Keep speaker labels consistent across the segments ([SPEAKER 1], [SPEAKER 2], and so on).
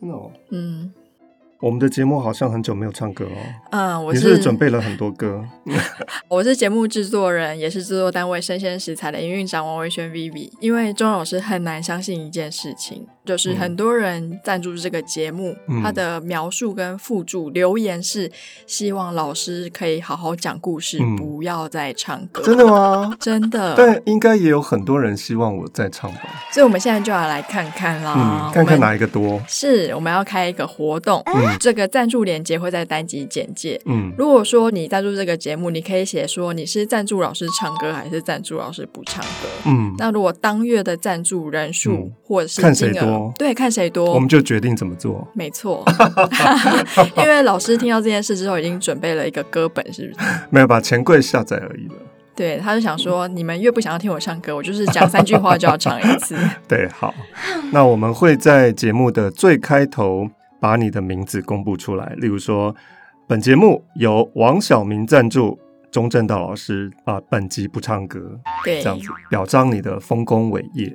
[SPEAKER 1] 真的哦，嗯，我們的節目好像很久沒有唱歌哦。嗯，我是，是，是準備了很多歌。
[SPEAKER 2] 我是節目制作人，也是制作單位聲鮮時采的營運長王維軒 Vivi。因為鍾老師很難相信一件事情。就是很多人贊助這個節目，嗯，他的描述跟附註留言是希望老師可以好好講故事，嗯，不要再唱歌。真的嗎？ 真的。但
[SPEAKER 1] 應該也有很多人希望我再唱吧。
[SPEAKER 2] 所以我們現在就要來看看啦，嗯，看看哪
[SPEAKER 1] 一個多。是，
[SPEAKER 2] 我們要開一個活動。嗯，這個贊助鏈接會在單集簡介。嗯，如果說你贊助這個節目，你可以寫說你是贊助老師唱歌，還是贊助老師不唱歌。嗯，那如果當月的贊助人數或者是金額，嗯，看誰多。對，看誰多，我們就
[SPEAKER 1] 決定怎麼做。
[SPEAKER 2] 沒錯， 因為老師聽到這件事之後，已經準備了一個歌本，是不是？
[SPEAKER 1] 沒有把錢櫃下載而已了。
[SPEAKER 2] 對，他就想說、嗯，你們越不想要聽我唱歌，我就是講三句話就要唱一次。
[SPEAKER 1] 對，好，那我們會在節目的最開頭把你的名字公布出來，例如說，本節目由王小明贊助，鍾正道老師啊，本集不唱歌，對，這樣子表彰你的豐功偉業。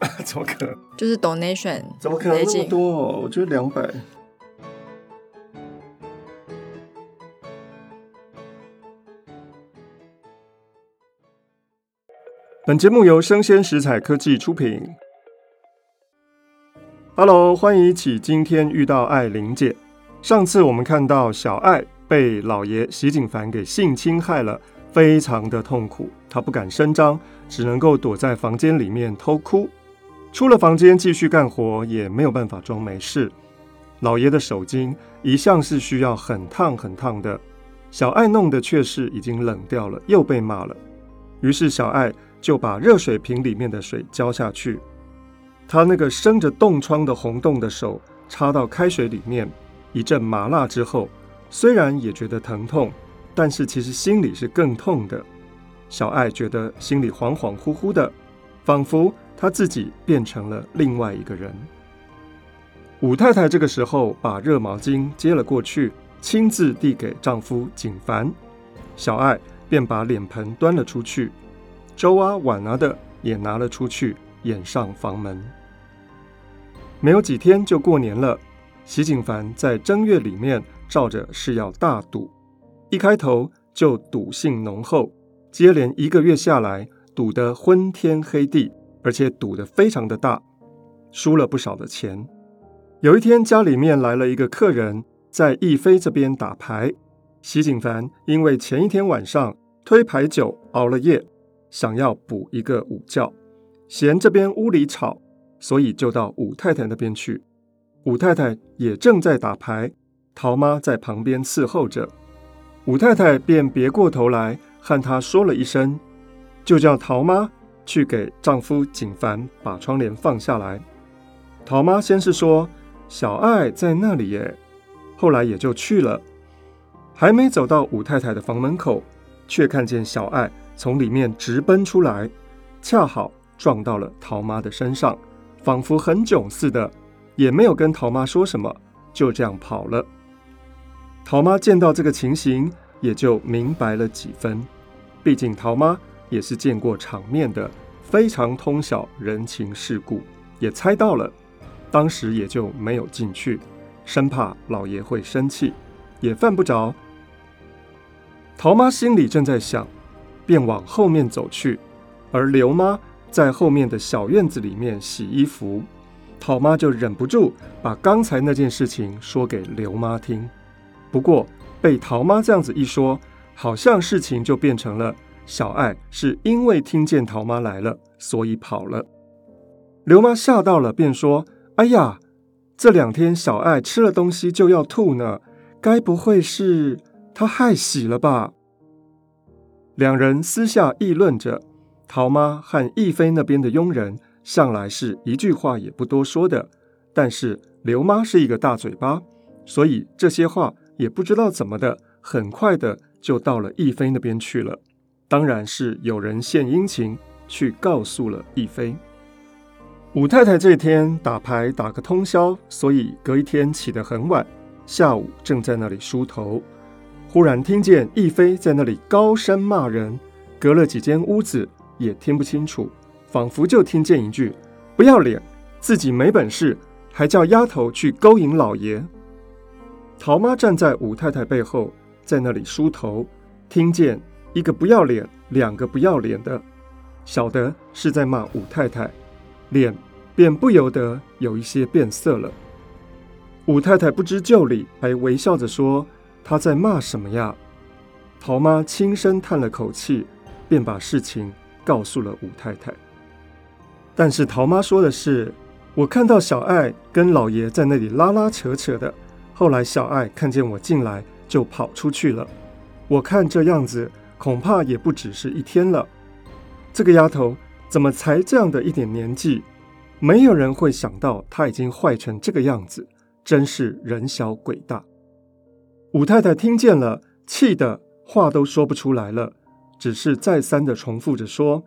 [SPEAKER 1] 怎麼可
[SPEAKER 2] 能？就是 donation，怎麼可能這麼多？
[SPEAKER 1] 我覺得兩百。本節目由聲鮮時采科技出品。Hello，歡迎起今天遇道愛玲姐。上次我們看到小艾被老爺席景藩給性侵害了，非常的痛苦，她不敢聲張，只能夠躲在房間裡面偷哭。出了房間繼續幹活，也沒有辦法裝沒事。老爺的手巾一向是需要很燙很燙的，小艾弄的卻是已經冷掉了，又被罵了。於是小艾就把熱水瓶裡面的水澆下去。他那個生着凍瘡的紅凍的手插到開水裡面，一陣麻辣之後，雖然也覺得疼痛，但是其實心裡是更痛的。小艾覺得心裡恍恍惚惚的，仿佛……他自己變成了另外一個人。武太太這個時候把熱毛巾接了過去，親自遞給丈夫景凡。小艾便把臉盆端了出去，粥啊碗啊的也拿了出去，掩上房門。沒有幾天就過年了，席景凡在正月裡面照着是要大賭，一開頭就賭性濃厚，接連一個月下來，賭得昏天黑地。而且賭得非常的大，輸了不少的錢。有一天，家裡面來了一個客人，在憶妃這邊打牌。席景藩因為前一天晚上推牌九熬了夜，想要補一個午覺，嫌這邊屋裡吵，所以就到五太太那邊去。五太太也正在打牌，陶媽在旁邊伺候着，五太太便別過頭來和她說了一聲，就叫陶媽。去給丈夫景凡把窗簾放下來。桃媽先是說：“小愛在那裡耶。”後來也就去了，還沒走到五太太的房門口，卻看見小愛從裡面直奔出來，恰好撞到了桃媽的身上，仿佛很窘似的，也沒有跟桃媽說什麼，就這樣跑了。桃媽見到這個情形，也就明白了幾分，畢竟桃媽。也是見過場面的，非常通曉人情世故，也猜到了，當時也就沒有進去，生怕老爺會生氣，也犯不着。桃媽心裡正在想，便往後面走去，而劉媽在後面的小院子裡面洗衣服，桃媽就忍不住把剛才那件事情說給劉媽聽。不過被桃媽這樣子一說，好像事情就變成了。小艾是因為聽見桃媽來了，所以跑了。劉媽嚇到了，便說：“哎呀，這兩天小艾吃了東西就要吐呢，該不會是她害喜了吧？”兩人私下議論着。桃媽和一妃那邊的傭人向來是一句話也不多說的，但是劉媽是一個大嘴巴，所以這些話也不知道怎麼的，很快的就到了一妃那邊去了。當然是有人獻殷勤去告訴了憶妃。五太太這天打牌打個通宵，所以隔一天起得很晚。下午正在那裡梳頭，忽然聽見憶妃在那裡高聲罵人，隔了幾間屋子也聽不清楚，仿佛就聽見一句“不要臉”，自己沒本事，還叫丫頭去勾引老爺。陶媽站在五太太背後，在那裡梳頭，聽見。一個不要臉，兩個不要臉的，曉得是在罵五太太，臉便不由得有一些變色了。五太太不知就裡，還微笑着說：“她在罵什麼呀？”陶媽輕聲嘆了口氣，便把事情告訴了五太太。但是陶媽說的是：“我看到小愛跟老爺在那裡拉拉扯扯的，後來小愛看見我進來，就跑出去了。我看這樣子。”恐怕也不只是一天了。這個丫頭怎麼才這樣的一點年紀？沒有人會想到她已經壞成這個樣子，真是人小鬼大。五太太聽見了，氣得話都說不出來了，只是再三的重複着說：“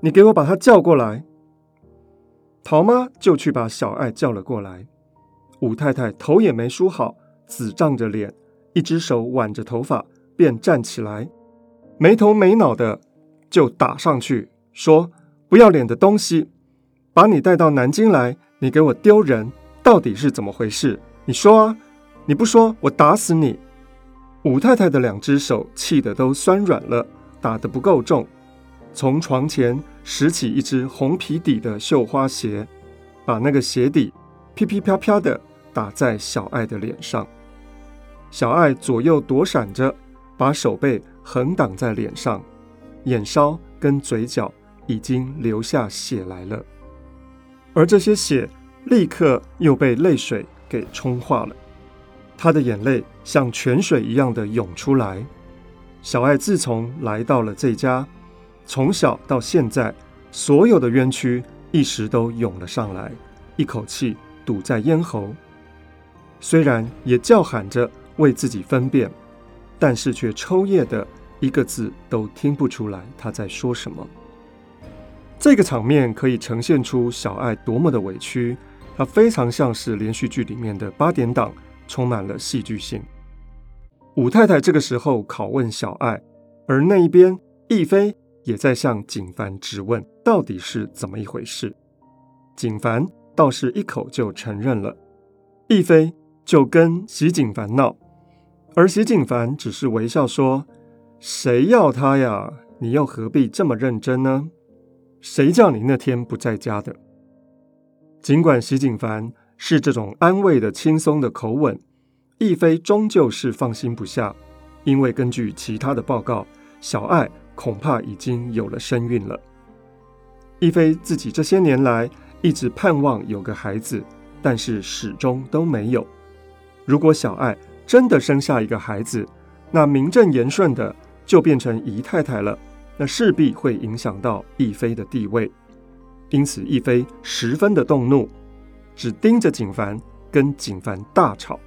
[SPEAKER 1] 你給我把她叫過來。”陶媽就去把小艾叫了過來。五太太頭也沒梳好，紫脹着臉，一只手挽着頭髮，便站起來。沒頭沒腦的就打上去，說：“不要臉的東西，把你帶到南京來，你給我丟人，到底是怎麼回事？你說啊！你不說，我打死你！”武太太的兩只手氣得都酸軟了，打得不夠重，從床前拾起一只紅皮底的繡花鞋，把那個鞋底噼噼啪啪的打在小艾的臉上。小艾左右躲閃着，把手背。橫擋在臉上，眼梢跟嘴角已經流下血來了，而這些血立刻又被淚水給沖化了。他的眼淚像泉水一樣的湧出來。小艾自從來到了這家，從小到現在，所有的冤屈一時都湧了上來，一口氣堵在咽喉，雖然也叫喊着為自己分辨。但是卻抽噎的一個字都聽不出來，他在說什麼。這個場面可以呈現出小愛多麼的委屈，她非常像是連續劇裡面的八點檔，充滿了戲劇性。五太太這個時候拷問小愛，而那一邊亦飛也在向景藩質問，到底是怎麼一回事。景藩倒是一口就承認了，亦飛就跟席景藩鬧。而席景凡只是微笑說：“誰要他呀？你又何必這麼認真呢？誰叫你那天不在家的？”儘管席景凡是這種安慰的、輕鬆的口吻，亦非終究是放心不下，因為根據其他的報告，小愛恐怕已經有了身孕了。亦非自己這些年來一直盼望有個孩子，但是始終都沒有。如果小愛……真的生下一個孩子，那名正言順的就變成姨太太了，那勢必會影響到憶妃的地位，因此憶妃十分的動怒，只盯着景藩，跟景藩大吵，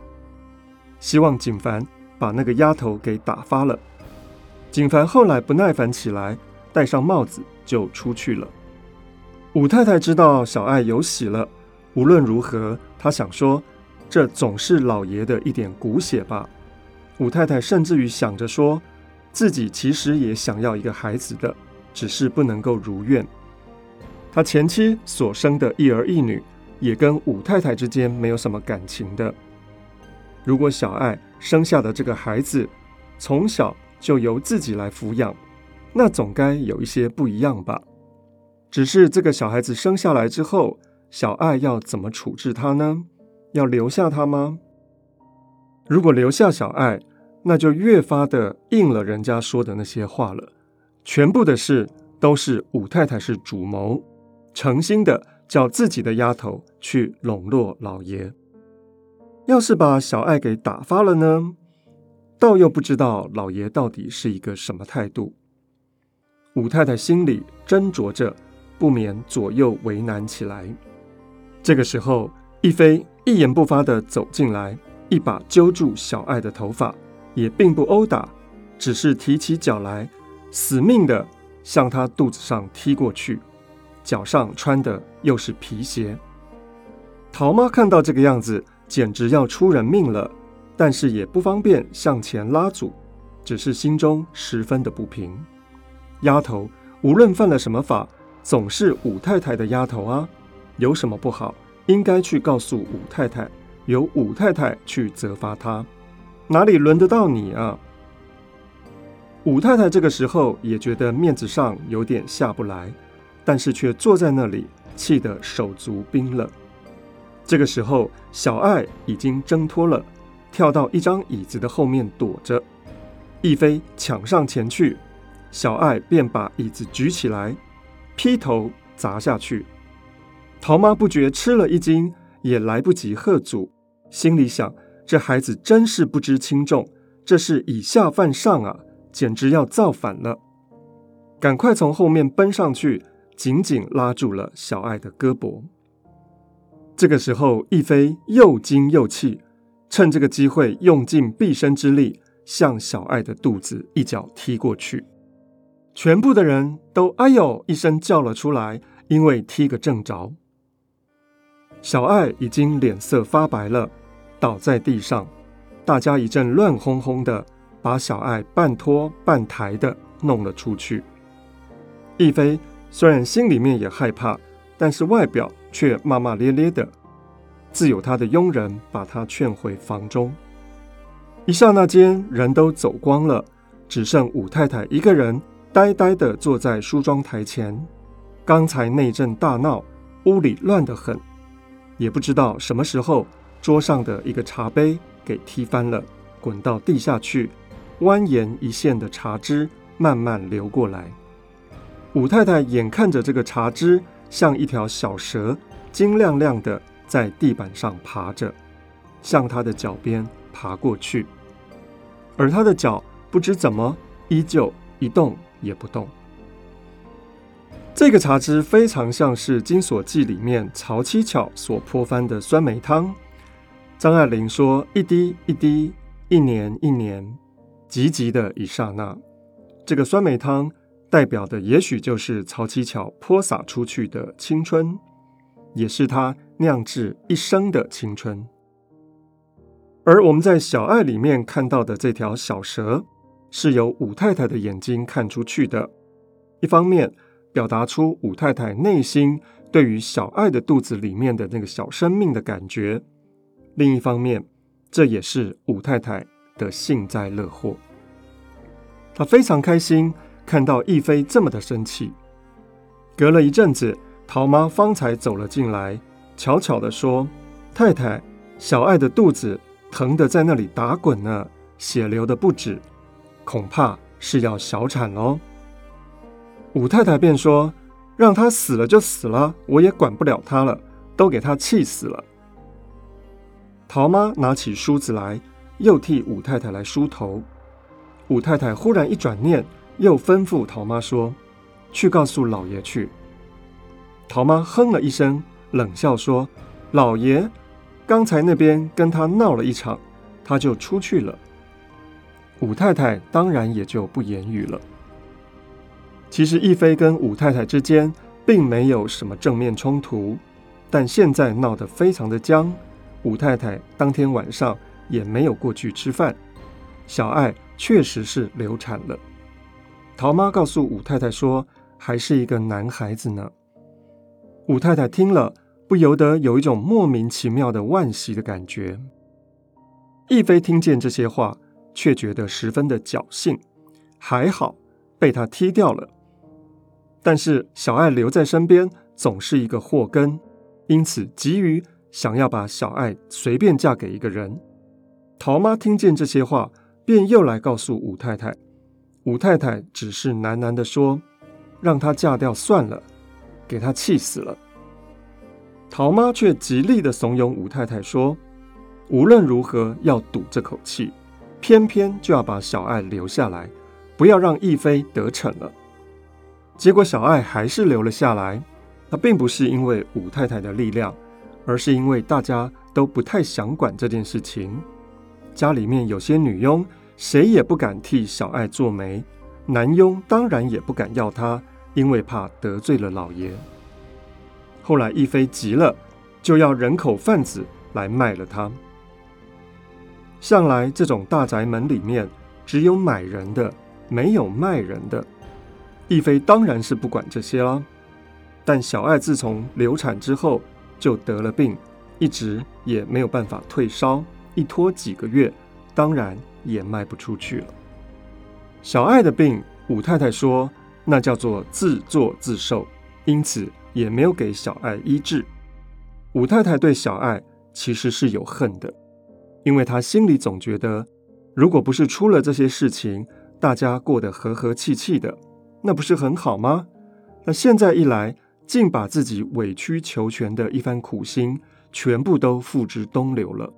[SPEAKER 1] 希望景藩把那個丫頭給打發了。景藩後來不耐煩起來，戴上帽子就出去了。五太太知道小愛有喜了，無論如何，她想說。這總是老爺的一點骨血吧。五太太甚至於想着說，自己其實也想要一個孩子的，只是不能夠如願。他前妻所生的一兒一女，也跟五太太之間沒有什麼感情的。如果小愛生下的這個孩子，從小就由自己來撫養，那總該有一些不一樣吧。只是這個小孩子生下來之後，小愛要怎麼處置他呢？要留下她嗎？如果留下小愛，那就越發的應了人家說的那些話了。全部的事都是五太太是主謀，誠心的叫自己的丫頭去籠絡老爺。要是把小愛給打發了呢？倒又不知道老爺到底是一個什麼態度。五太太心裡斟酌着，不免左右為難起來。這個時候，一飛，一言不發地走進來，一把揪住小艾的頭髮，也並不毆打，只是提起腳來，死命地向她肚子上踢過去。腳上穿的又是皮鞋。桃媽看到這個樣子，簡直要出人命了，但是也不方便向前拉阻，只是心中十分的不平。丫頭，無論犯了什麼法，總是五太太的丫頭啊，有什麼不好？應該去告訴武太太，由武太太去責罰她，哪裡輪得到你啊？武太太這個時候也覺得面子上有點下不來，但是卻坐在那裡，氣得手足冰冷。這個時候，小愛已經掙脫了，跳到一張椅子的後面躲着。一飛搶上前去，小愛便把椅子舉起來，劈頭砸下去。陶媽不覺吃了一驚，也來不及喝阻，心裡想：這孩子真是不知輕重，這是以下犯上啊，簡直要造反了！趕快從後面奔上去，緊緊拉住了小艾的胳膊。這個時候，亦飛又驚又氣，趁這個機會，用盡畢生之力向小艾的肚子一腳踢過去，全部的人都哎呦一聲叫了出來，因為踢個正着。小愛已經臉色發白了，倒在地上。大家一陣亂哄哄的，把小愛半拖半抬的弄了出去。憶妃雖然心裡面也害怕，但是外表卻罵罵咧咧的。自有她的傭人把她勸回房中。一剎那間，人都走光了，只剩五太太一個人呆呆的坐在梳妝台前。剛才那一陣大鬧，屋裡亂得很。也不知道什麼時候，桌上的一個茶杯給踢翻了，滾到地下去。蜿蜒一線的茶汁慢慢流過來。武太太眼看着這個茶汁像一條小蛇，晶亮亮的在地板上爬着，向她的腳邊爬過去。而她的腳不知怎麼，依舊一動也不動。這個茶汁非常像是《金鎖記》裡面曹七巧所潑翻的酸梅湯。張愛玲說：“一滴一滴，一年一年，一年急急的一剎那，這個酸梅湯代表的也許就是曹七巧潑灑出去的青春，也是她釀制一生的青春。”而我們在《小愛》裡面看到的這條小蛇，是由五太太的眼睛看出去的。一方面。表達出武太太內心對於小愛的肚子裡面的那個小生命的感覺。另一方面，這也是武太太的幸災樂禍。她非常開心看到憶妃這麼的生氣。隔了一陣子，桃媽方才走了進來，悄悄地說：“太太，小愛的肚子疼得在那裡打滾呢，血流得不止，恐怕是要小產嘍、哦。”武太太便說：“讓他死了就死了，我也管不了他了，都給他氣死了。”陶媽拿起梳子來，又替武太太來梳頭。武太太忽然一轉念，又吩咐陶媽說：“去告訴老爺去。”陶媽哼了一聲，冷笑說：“老爺，剛才那邊跟他鬧了一場，他就出去了。”武太太當然也就不言語了。其實逸飛跟五太太之間並沒有什麼正面衝突，但現在鬧得非常的僵。五太太當天晚上也沒有過去吃飯。小愛確實是流產了。桃媽告訴五太太說，還是一個男孩子呢。五太太聽了不由得有一種莫名其妙的惋惜的感覺。逸飛聽見這些話，卻覺得十分的僥倖，還好被他踢掉了。但是小愛留在身邊總是一個禍根，因此急於想要把小愛隨便嫁給一個人。陶媽聽見這些話，便又來告訴五太太。五太太只是喃喃地說：“讓她嫁掉算了，給她氣死了。”陶媽卻極力地慫恿五太太說：“無論如何要賭這口氣，偏偏就要把小愛留下來，不要讓逸飛得逞了。”結果小艾還是留了下來，那並不是因為五太太的力量，而是因為大家都不太想管這件事情。家裡面有些女傭，誰也不敢替小艾做媒，男傭當然也不敢要她，因為怕得罪了老爺。後來一飛急了，就要人口販子來賣了她。向來這種大宅門裡面，只有買人的，沒有賣人的。逸飛當然是不管這些了，但小愛自從流產之後就得了病，一直也沒有辦法退燒，一拖幾個月，當然也賣不出去了。小愛的病，武太太說那叫做自作自受，因此也沒有給小愛醫治。武太太對小愛其實是有恨的，因為她心裡總覺得，如果不是出了這些事情，大家過得和和氣氣的，那不是很好嗎？那現在一來，竟把自己委曲求全的一番苦心全部都付之東流了，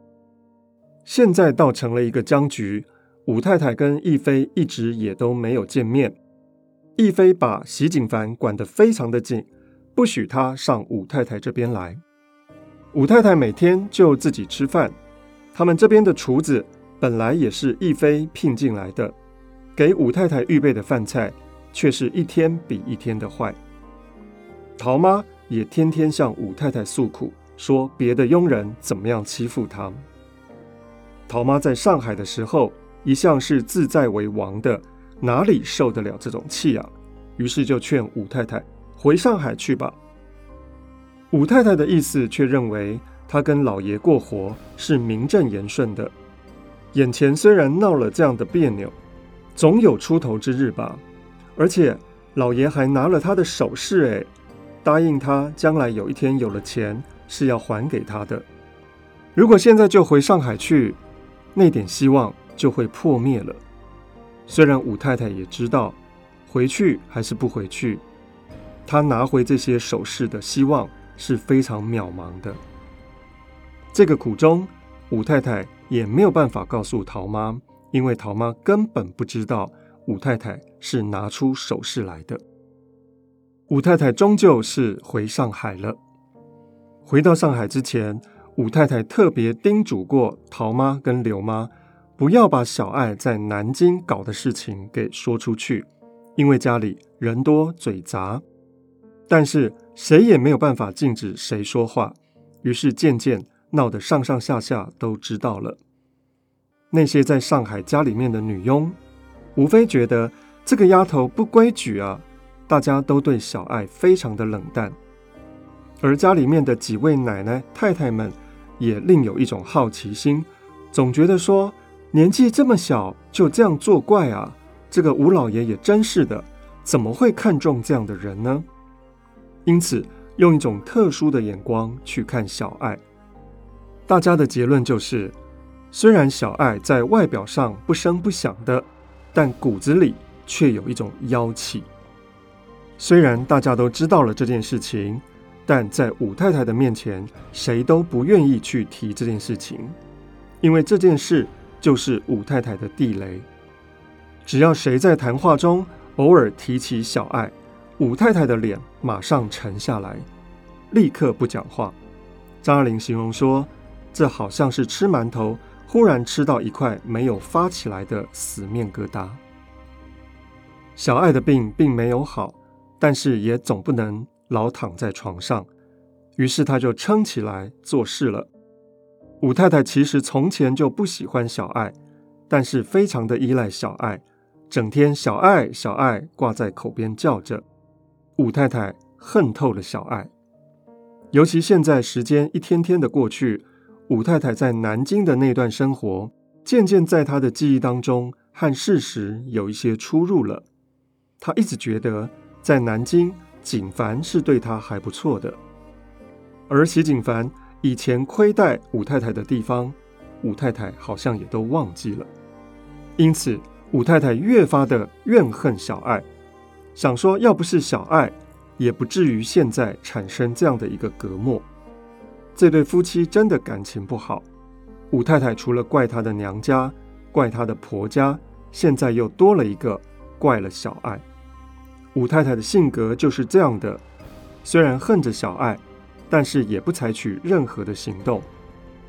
[SPEAKER 1] 現在倒成了一個僵局。五太太跟憶妃一直也都沒有見面。憶妃把席景藩管得非常的緊，不許他上五太太這邊來。五太太每天就自己吃飯。他們這邊的廚子本來也是憶妃聘進來的，給五太太預備的飯菜，卻是一天比一天的壞。陶媽也天天向武太太訴苦，說別的傭人怎麼樣欺負她。陶媽在上海的時候一向是自在為王的，哪裡受得了這種氣啊？於是就勸武太太回上海去吧。武太太的意思卻認為她跟老爺過活是名正言順的，眼前雖然鬧了這樣的別扭，總有出頭之日吧。而且，老爺還拿了他的首飾，誒，答應他將來有一天有了錢是要還給他的。如果現在就回上海去，那點希望就會破滅了。雖然五太太也知道，回去還是不回去，他拿回這些首飾的希望是非常渺茫的。這個苦衷，五太太也沒有辦法告訴陶媽，因為陶媽根本不知道五太太。是拿出首飾來的。五太太終究是回上海了。回到上海之前，五太太特別叮囑過陶媽跟劉媽，不要把小愛在南京搞的事情給說出去，因為家裡人多嘴雜。但是誰也沒有辦法禁止誰說話，於是漸漸鬧得上上下下都知道了。那些在上海家裡面的女傭，無非覺得。這個丫頭不規矩啊，大家都對小艾非常的冷淡，而家裡面的幾位奶奶太太們也另有一種好奇心，總覺得說年紀這麼小就這樣作怪啊，這個吳老爺也真是的，怎麼會看中這樣的人呢？因此，用一種特殊的眼光去看小艾，大家的結論就是，雖然小艾在外表上不聲不響的，但骨子裡。卻有一種妖氣。雖然大家都知道了這件事情，但在五太太的面前，誰都不願意去提這件事情，因為這件事就是五太太的地雷。只要誰在談話中偶爾提起小愛，五太太的臉馬上沉下來，立刻不講話。張愛玲形容說：“這好像是吃饅頭，忽然吃到一塊沒有發起來的死面疙瘩。”小愛的病並沒有好，但是也總不能老躺在床上，於是她就撐起來做事了。五太太其實從前就不喜歡小愛，但是非常的依賴小愛，整天小愛小愛掛在口邊叫着。五太太恨透了小愛，尤其現在時間一天天的過去，五太太在南京的那段生活，漸漸在她的記憶當中和事實有一些出入了。他一直覺得在南京，景藩是對他還不錯的，而席景藩以前虧待五太太的地方，五太太好像也都忘記了，因此五太太越發的怨恨小愛，想說要不是小愛，也不至於現在產生這樣的一個隔膜。這對夫妻真的感情不好，五太太除了怪她的娘家，怪她的婆家，現在又多了一個怪了小愛。五太太的性格就是這樣的，雖然恨着小愛，但是也不採取任何的行動，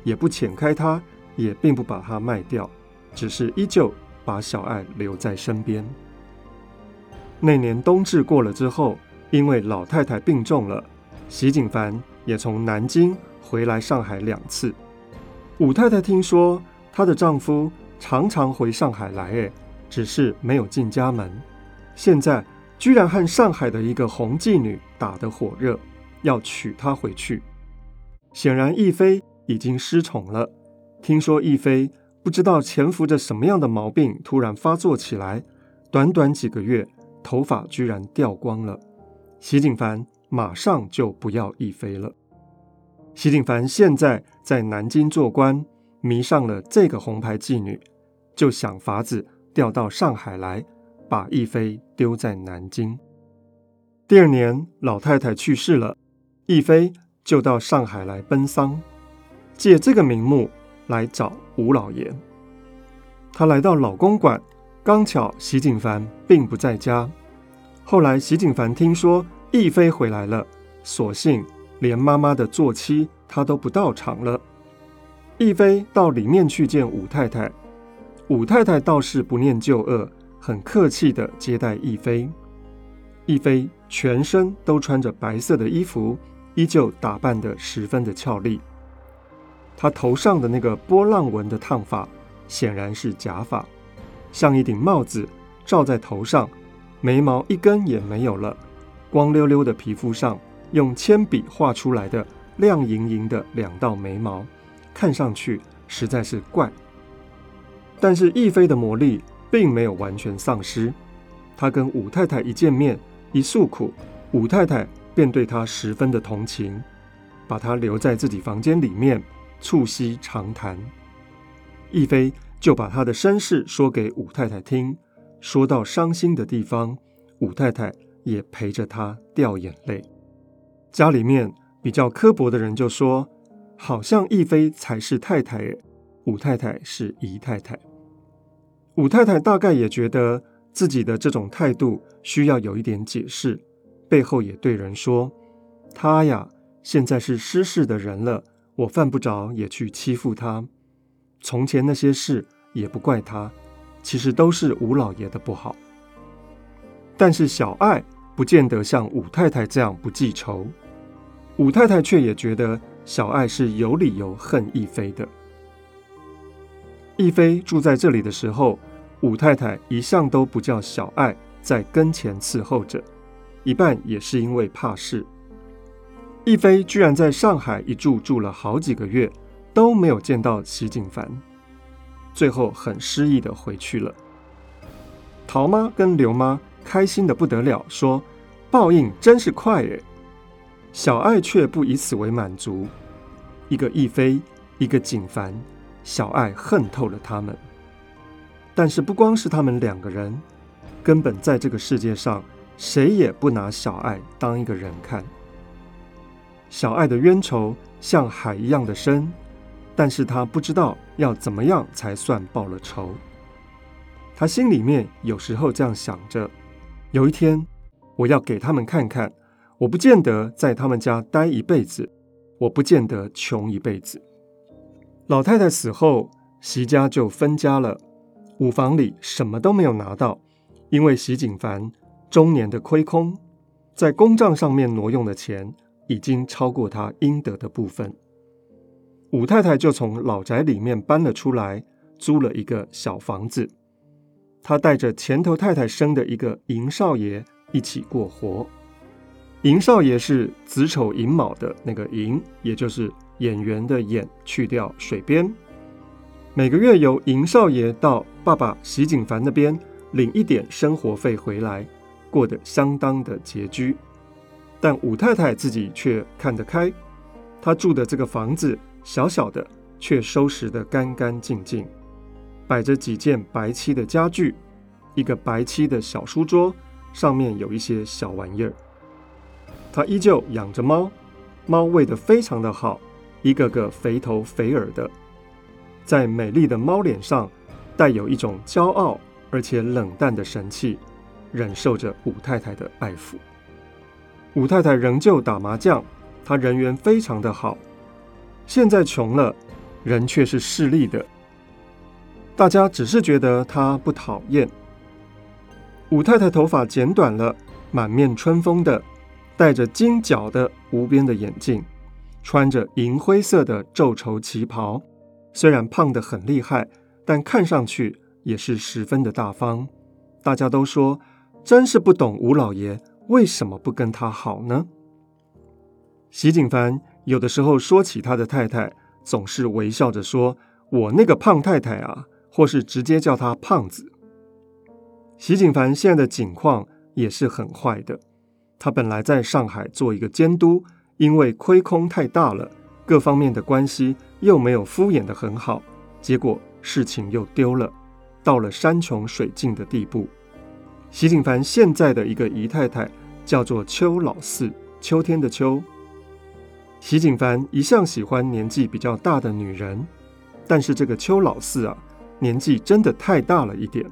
[SPEAKER 1] 也不遣開她，也並不把她賣掉，只是依舊把小愛留在身邊。那年冬至過了之後，因為老太太病重了，席景凡也從南京回來上海兩次。五太太聽說她的丈夫常常回上海來，誒，只是沒有進家門，現在。居然和上海的一個紅妓女打得火熱，要娶她回去。顯然，逸飛已經失寵了。聽說逸飛不知道潛伏着什麼樣的毛病，突然發作起來，短短幾個月，頭髮居然掉光了。席景凡馬上就不要逸飛了。席景凡現在在南京做官，迷上了這個紅牌妓女，就想法子調到上海來，把逸飛。丟在南京。第二年，老太太去世了，逸飛就到上海來奔喪，借這個名目來找吳老爺。他來到老公館，剛巧席景凡並不在家。後來，席景凡聽說逸飛回來了，索性連媽媽的做七他都不到場了。逸飛到裡面去見武太太，武太太倒是不念舊惡。很客氣地接待逸飛，逸飛全身都穿着白色的衣服，依舊打扮得十分的俏麗。她頭上的那個波浪紋的燙髮顯然是假髮，像一頂帽子罩在頭上，眉毛一根也沒有了，光溜溜的皮膚上用鉛筆畫出來的亮瑩瑩的兩道眉毛，看上去實在是怪。但是逸飛的魔力，並沒有完全喪失。他跟五太太一見面一訴苦，五太太便對他十分的同情，把他留在自己房間裡面促膝長談。憶妃就把他的身世說給五太太聽，說到傷心的地方，五太太也陪着他掉眼淚。家裡面比較刻薄的人就說：“好像憶妃才是太太，五太太是姨太太。”武太太大概也覺得自己的這種態度需要有一點解釋，背後也對人說：“他呀，現在是失勢的人了，我犯不着也去欺負他。從前那些事也不怪他，其實都是五老爺的不好。但是小愛不見得像五太太這樣不記仇，五太太卻也覺得小愛是有理由恨憶妃的。憶妃住在這裡的時候。”武太太一向都不叫小愛在跟前伺候着，一半也是因為怕事。逸飛居然在上海一住住了好幾個月，都沒有見到齊景凡，最後很失意的回去了。陶媽跟劉媽開心的不得了，說：“報應真是快誒。小愛卻不以此為滿足，一個逸飛，一個景凡，小愛恨透了他們。但是不光是他們兩個人，根本在這個世界上，誰也不拿小愛當一個人看。小愛的冤仇像海一樣的深，但是他不知道要怎麼樣才算報了仇。他心裡面有時候這樣想着：有一天，我要給他們看看，我不見得在他們家待一輩子，我不見得窮一輩子。老太太死後，席家就分家了。五房裡什麼都沒有拿到，因為席景凡中年的虧空，在公賬上面挪用的錢已經超過他應得的部分。五太太就從老宅裡面搬了出來，租了一個小房子。她帶着前頭太太生的一個銀少爺一起過活。銀少爺是子丑寅卯的那個寅，也就是演員的演去掉水邊。每個月由銀少爺到爸爸席景凡那邊領一點生活費回來，過得相當的拮據。但武太太自己卻看得開，她住的這個房子小小的，卻收拾得乾乾淨淨，擺着幾件白漆的家具，一個白漆的小書桌，上面有一些小玩意兒。她依舊養着貓，貓餵得非常的好，一個個肥頭肥耳的。在美麗的貓臉上，帶有一種驕傲而且冷淡的神氣，忍受着武太太的愛撫。武太太仍舊打麻將，她人緣非常的好。現在窮了，人卻是勢利的。大家只是覺得她不討厭。武太太頭髮剪短了，滿面春風的，戴着金腳的無邊的眼鏡，穿着銀灰色的皺綢旗袍。雖然胖得很厲害，但看上去也是十分的大方。大家都說，真是不懂吳老爺為什麼不跟他好呢？席景凡有的時候說起他的太太，總是微笑着說：“我那個胖太太啊，或是直接叫他胖子。”席景凡現在的境況也是很壞的，他本來在上海做一個監督，因為虧空太大了。各方面的關係又沒有敷衍得很好，結果事情又丟了，到了山窮水盡的地步。席景凡現在的一個姨太太叫做秋老四，秋天的秋。席景凡一向喜歡年紀比較大的女人，但是這個秋老四啊，年紀真的太大了一點。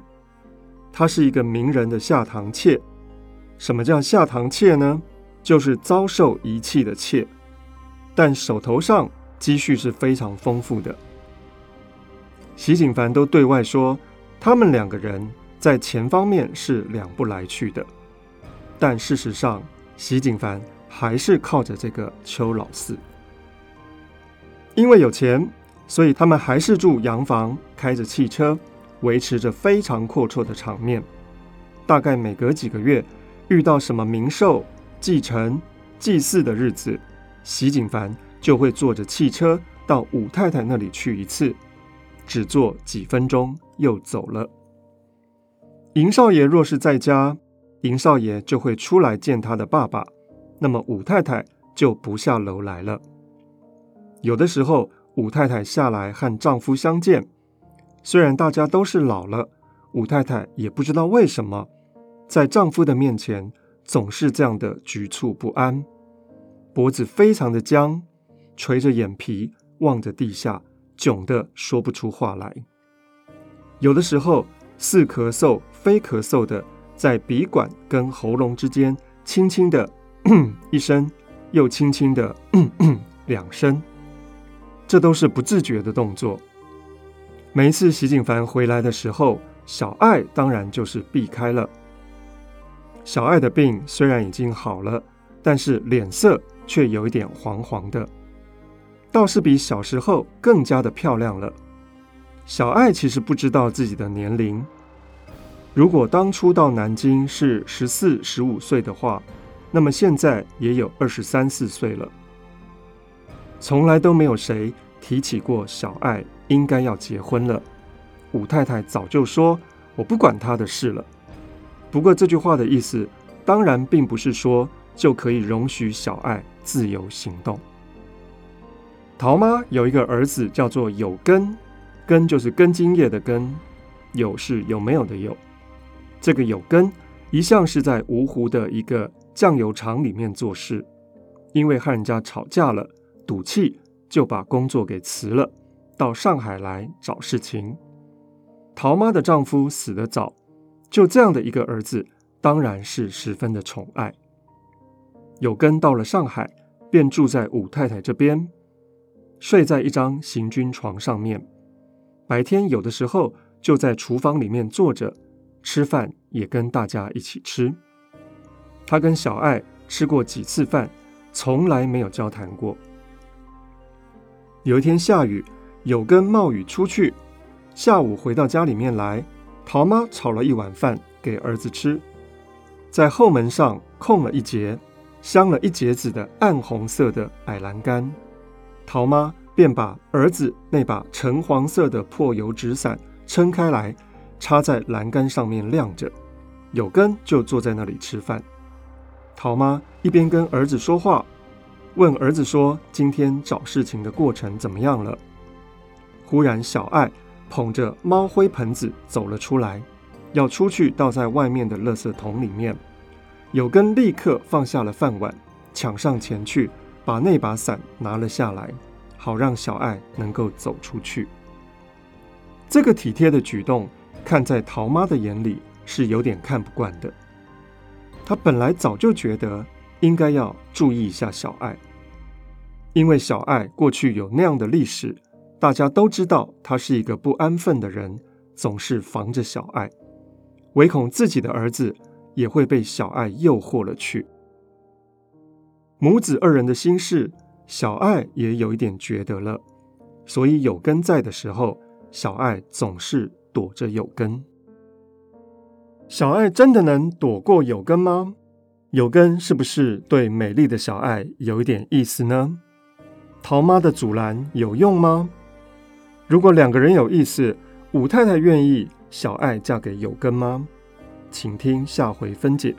[SPEAKER 1] 她是一個名人的下堂妾。什麼叫下堂妾呢？就是遭受遺棄的妾。但手頭上積蓄是非常豐富的，席景藩都對外說他們兩個人在錢方面是兩不來去的，但事實上，席景藩還是靠着這個邱老四，因為有錢，所以他們還是住洋房，開着汽車，維持着非常闊綽的場面。大概每隔幾個月，遇到什麼冥壽、忌辰、祭祀的日子。席景凡就會坐着汽車到武太太那裡去一次，只坐幾分鐘又走了。銀少爺若是在家，銀少爺就會出來見他的爸爸，那麼武太太就不下樓來了。有的時候，武太太下來和丈夫相見，雖然大家都是老了，武太太也不知道為什麼，在丈夫的面前總是這樣的局促不安。脖子非常的僵，垂着眼皮望着地下，窘得說不出話來。有的時候似咳嗽非咳嗽的，在鼻管跟喉嚨之間輕輕的咳一聲，又輕輕的咳咳兩聲，這都是不自覺的動作。每一次席景藩回來的時候，小艾當然就是避開了。小艾的病雖然已經好了，但是臉色，卻有一點黃黃的，倒是比小時候更加的漂亮了。小愛其實不知道自己的年齡，如果當初到南京是十四、十五歲的話，那麼現在也有二十三四歲了。從來都沒有誰提起過小愛應該要結婚了。武太太早就說：“我不管她的事了。”不過這句話的意思，當然並不是說就可以容許小愛。自由行動。陶媽有一個兒子，叫做有根，根就是根莖葉的根，有是有沒有的有。這個有根一向是在蕪湖的一個醬油廠裡面做事，因為和人家吵架了，賭氣就把工作給辭了，到上海來找事情。陶媽的丈夫死得早，就這樣的一個兒子，當然是十分的寵愛。有根到了上海，便住在武太太這邊，睡在一張行軍床上面。白天有的時候就在廚房裡面坐着，吃飯也跟大家一起吃。他跟小愛吃過幾次飯，從來沒有交談過。有一天下雨，有根冒雨出去，下午回到家裡面來，陶媽炒了一碗飯給兒子吃，在後門上空了一節。鑲了一截子的暗紅色的矮欄杆，陶媽便把兒子那把橙黃色的破油紙傘撐開來，插在欄杆上面晾着。有根就坐在那裡吃飯。陶媽一邊跟兒子說話，問兒子說：“今天找事情的過程怎麼樣了？”忽然，小艾捧着貓灰盆子走了出來，要出去倒在外面的垃圾桶裡面。有根立刻放下了飯碗，搶上前去，把那把傘拿了下來，好讓小艾能夠走出去。這個體貼的舉動，看在陶媽的眼裡是有點看不慣的。她本來早就覺得應該要注意一下小艾，因為小艾過去有那樣的歷史，大家都知道她是一個不安分的人，總是防着小艾，唯恐自己的兒子，也會被小愛誘惑了去。母子二人的心事，小愛也有一點覺得了。所以有根在的時候，小愛總是躲着有根。小愛真的能躲過有根嗎？有根是不是對美麗的小愛有一點意思呢？桃媽的阻攔有用嗎？如果兩個人有意思，五太太願意小愛嫁給有根嗎？請聽下回分解。